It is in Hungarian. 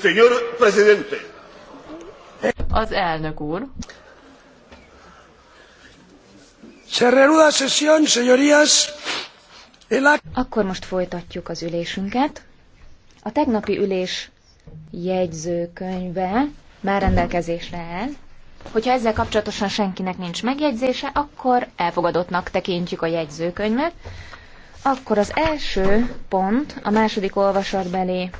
señor presidente. Az elnök úr. Cerreruda sesión, señorías. Akkor most folytatjuk az ülésünket. A tegnapi ülés jegyzőkönyve már rendelkezésre áll. Hogyha ezzel kapcsolatosan senkinek nincs megjegyzése, akkor elfogadottnak tekintjük a jegyzőkönyvet. Akkor az első pont a második olvasatbeli